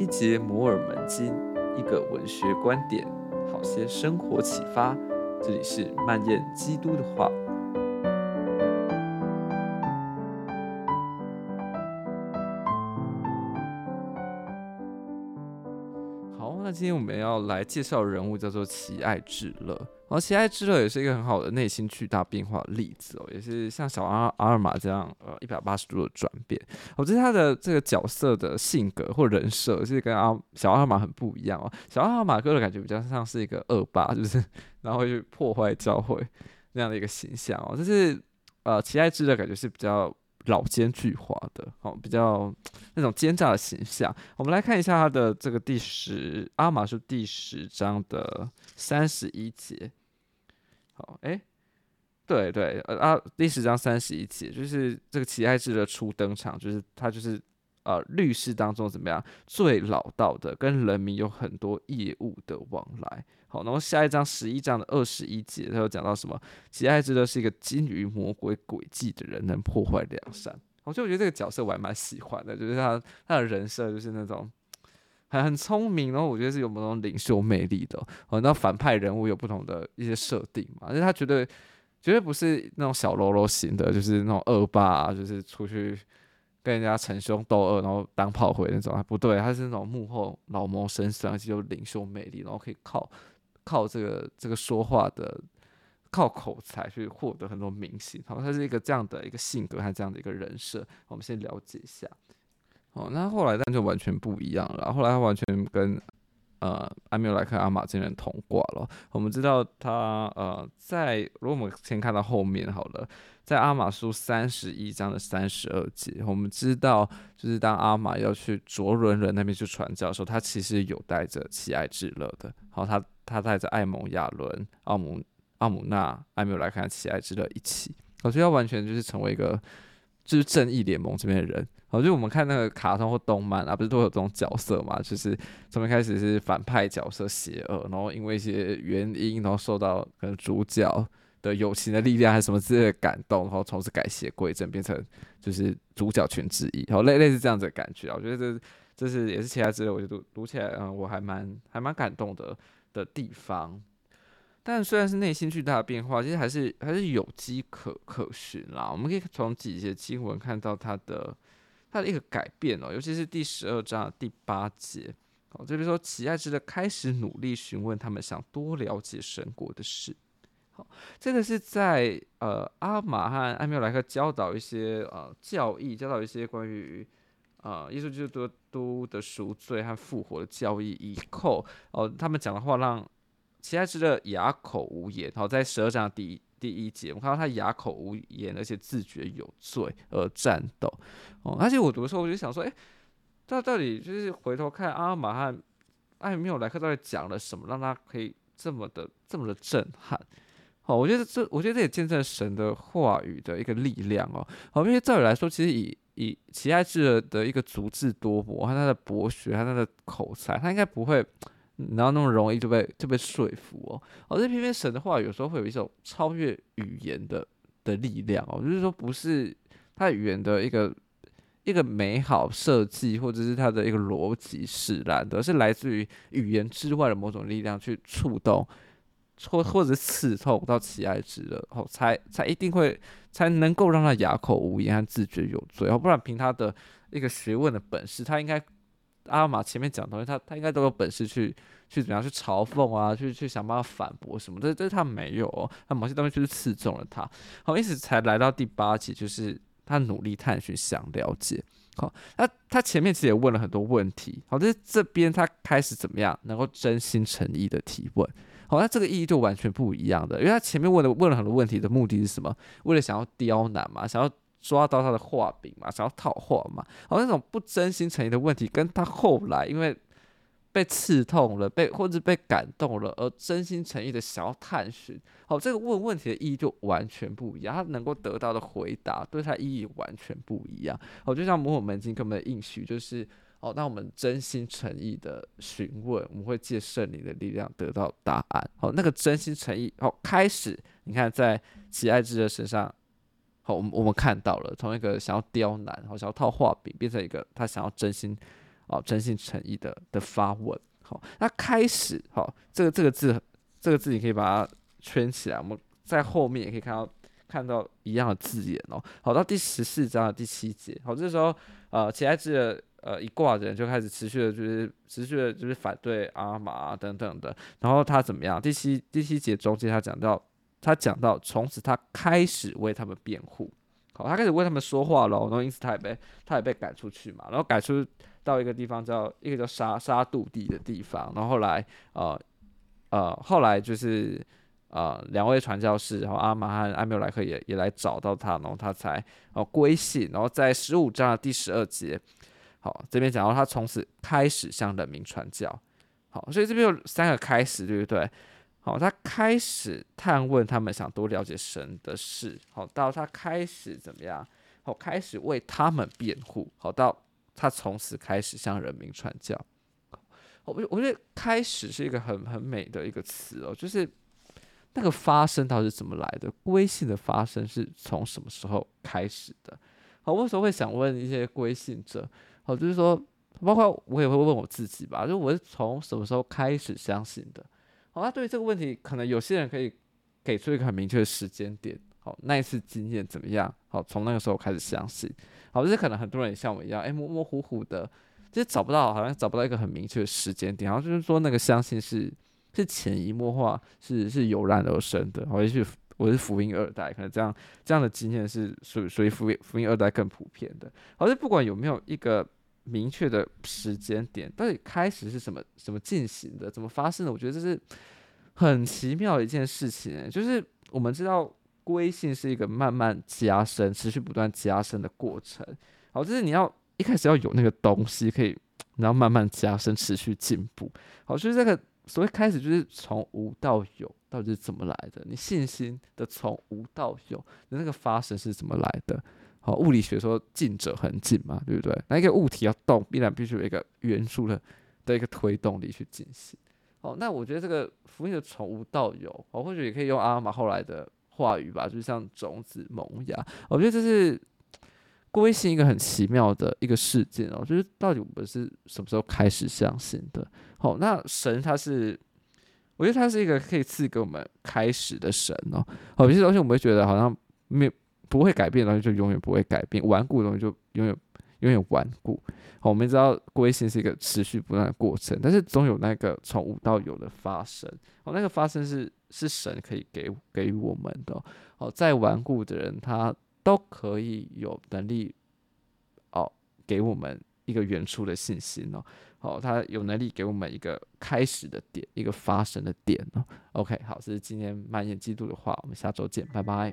一節摩爾門經，一個文學觀點，好些生活啟發。這裡是漫研基督的話。好，那今天我們要來介紹的人物，叫做齊艾治樂。而且、哦、齊艾治樂也是一個很好的內心巨大變化的例子哦，也是像小阿阿爾瑪這樣呃一百八十度的轉變。我覺得他的這個角色的性格或人設是跟阿小阿爾瑪很不一樣哦。小阿爾瑪哥的感覺比較像是一個惡霸，就是然後會去破壞教會那樣的一個形象哦。但是呃，齊艾治樂感覺是比較。老奸巨猾的，好、哦、比較那種奸詐的形象。我們來看一下他的這個第十，阿瑪是，是第十章的三十一節。好、哦，哎、欸，對對，呃、啊，阿第十章三十一節就是這個齊艾治的初登場，就是他就是。啊、呃，律師當中怎麼樣最老道的，跟人民有很多業務的往來。好，然後下一章十一章的二十一節，他又講到什麼？齊艾治樂是一個精於魔鬼詭計的人，能破壞良善。就我覺得這個角色我還蠻喜歡的，就是他他的人設就是那種很很聰明，然後我覺得是有某種領袖魅力的。哦，那反派人物有不同的一些設定嘛，而、就、且、是、他絕對絕對不是那種小嘍囉型的，就是那種惡霸、啊，就是出去，被人家稱兇鬥惡，然後當炮灰那種，不對，他是那種幕後老謀深算，而且有領袖魅力，然後可以靠靠這個這個說話的靠口才去獲得很多民心。好，他是一個這樣的一個性格，他這樣的一個人設，我們先了解一下。哦，那後來那就完全不一樣了。後來他完全跟呃，阿米爾萊克阿瑪竟然同掛了。我們知道他呃，在，如果我們先看到後面好了，在阿瑪書三十一章的三十二節，我們知道就是當阿瑪要去卓倫人那邊去傳教的時候，他其實有帶着齊艾治樂的。好，他他帶着艾蒙亞倫、奧姆、奧姆納、阿米爾萊克齊艾治樂一起，我覺得要完全就是成為一個。就是正義聯盟這邊的人，好，就我們看那個卡通或動漫啊，不是都有這種角色嘛？就是從一開始是反派角色，邪惡，然後因為一些原因，然後受到可能主角的友情的力量，還是什麼之類的感動，然後從此改邪歸正，變成就是主角群之一，好，類類似這樣子的感覺、啊。我覺得這是這是也是其他之類，我就讀，讀起來，嗯，我還蠻還蠻感動的的地方。但雖然是內心巨大的變化，其實還是還是有機可可循啦。我們可以從幾節經文看到他的他的一個改變哦、喔，尤其是第十二章第八節，好，這邊說齊艾治樂開始努力詢問他們想多了解神國的事。好，這個是在呃阿瑪和艾米爾萊克教導一些呃教義，教導一些關於呃耶穌基督都督的贖罪和復活的教義以後，哦、呃，他們講的話讓。齊艾治樂啞口無言，好在十二章第第一節，我看到他啞口無言，而且自覺有罪而戰鬥，哦、嗯，而且、嗯啊、我讀的時候我就想說，誒、欸，他到底就是回頭看阿爾瑪和艾米紐萊克到底講了什麼，讓他可以這麼的這麼的震撼？哦，我覺得這，我覺得這也見證神的話語的一個力量哦。好，因為照理來說，其實以以齊艾治樂的一個足智多謀和他的博學，和他的口才，他應該不會。然後那麼容易就被就被說服哦，而、哦、這偏偏神的話有時候會有一種超越語言的的力量哦，就是說不是他語言的一個一個美好設計或者是他的一個邏輯使然的，而是來自於語言之外的某種力量去觸動或或者是刺痛到齊艾治樂的，後、哦、才才一定會才能夠讓他啞口無言，他自覺有罪，要不然憑他的一個學問的本事，他應該。阿瑪、啊、前面講東西他，他他應該都有本事去去怎麼樣去嘲諷啊，去去想辦法反駁什麼，但但是他沒有、哦，他某些東西就是刺中了他，好，一直才來到第八集，就是他努力探尋，想了解。好，他他前面其實也問了很多問題，好，但是這邊他開始怎麼樣，能夠真心誠意的提問，好，像這個意義就完全不一樣的，因為他前面問的問了很多問題的目的是什麼？為了想要刁難嘛，想要。抓到他的話柄嘛，想要套話嘛，哦，那種不真心誠意的問題，跟他後來因為被刺痛了，被或者被感動了，而真心誠意的想要探尋，好、哦，這個問問題的意義就完全不一樣，他能夠得到的回答對他意義完全不一樣。哦，就像摩爾門經根本的應許，就是哦，當我們真心誠意的詢問，我們會借聖靈的力量得到答案。哦，那個真心誠意，哦，開始你看在齊艾治樂身上。好，我們我們看到了，從一個想要刁難，好，想要套話柄，變成一個他想要真心，哦，真心誠意的的發問。好，那開始，好，這個這個字，這個字你可以把它圈起來。我們在後面也可以看到看到一樣的字眼哦。好，到第十四章的第七節，好，這個時候呃，齊艾治樂呃一掛人就開始持續的，就是持續的，就是反對阿瑪啊，等等的。然後他怎麼樣？第七第七節中間他講到。他講到，從此他開始為他們辯護，好，他開始為他們說話了，然後因此他也被他也被趕出去嘛，然後趕出到一個地方叫一個叫沙沙渡地的地方，然後後來呃呃後來就是呃兩位傳教士，然後阿瑪和艾繆萊克也也來找到他，然後他才哦歸信，然後在十五章的第十二節，好，這邊講到他從此開始向人民傳教，好，所以這邊有三個開始，對不對？好、哦，他開始探問他們想多了解神的事。好、哦，到他開始怎麼樣？好、哦，開始為他們辯護。好、哦，到他從此開始向人民傳教。我、哦、我覺得開始是一個很很美的一個詞哦，就是那個發生到底是怎麼來的？歸信的發生是從什麼時候開始的？好、哦，我有時候會想問一些歸信者，好、哦，就是說，包括我也會問我自己吧，就我是從什麼時候開始相信的？哦、啊，對這個問題，可能有些人可以給出一個很明確的時間點。好，那一次經驗怎麼樣？好，從那個時候開始相信。好，這可能很多人也像我一樣，哎、欸，模模糊糊的，就是找不到，好像找不到一個很明確的時間點。然後就是說，那個相信是是潛移默化，是是油然而生的。好，也許我是福音二代，可能這樣這樣的經驗是屬屬於福音福音二代更普遍的。好，是不管有沒有一個。明確的時間點，到底開始是什麼？怎麼進行的？怎麼發生的？我覺得這是很奇妙的一件事情、欸。就是我們知道，歸信是一個慢慢加深、持續不斷加深的過程。好，就是你要一開始要有那個東西，可以，然後慢慢加深、持續進步。好，就是這個所謂開始，就是從無到有，到底是怎麼來的？你信心的從無到有，你那個發生是怎麼來的？好、哦，物理學說靜者恆靜嘛，對不對？那一個物體要動，必然必須有一個元素的的一個推動力去進行。哦，那我覺得這個福音的從無到有，哦，或許也可以用阿爾瑪後來的話語吧，就是，像種子萌芽。哦、我覺得這是歸信一個很奇妙的一個事件哦。就是到底我們是什麼時候開始相信的？好、哦，那神他是，我覺得他是一個可以賜給我們開始的神哦。好、哦，有些東西我們會覺得好像沒有。不會改變的東西就永遠不會改變，頑固的東西就永遠永遠頑固。好，我們知道歸信是一個持續不斷的過程，但是總有那個從無到有的發生。哦，那個發生是是神可以給給予我們的。哦，再頑固的人他都可以有能力哦給我們一個原初的信心哦。好，他有能力給我們一個開始的點，一個發生的點哦。哦，OK，好，這是今天滿延基督的話，我們下周見，拜拜。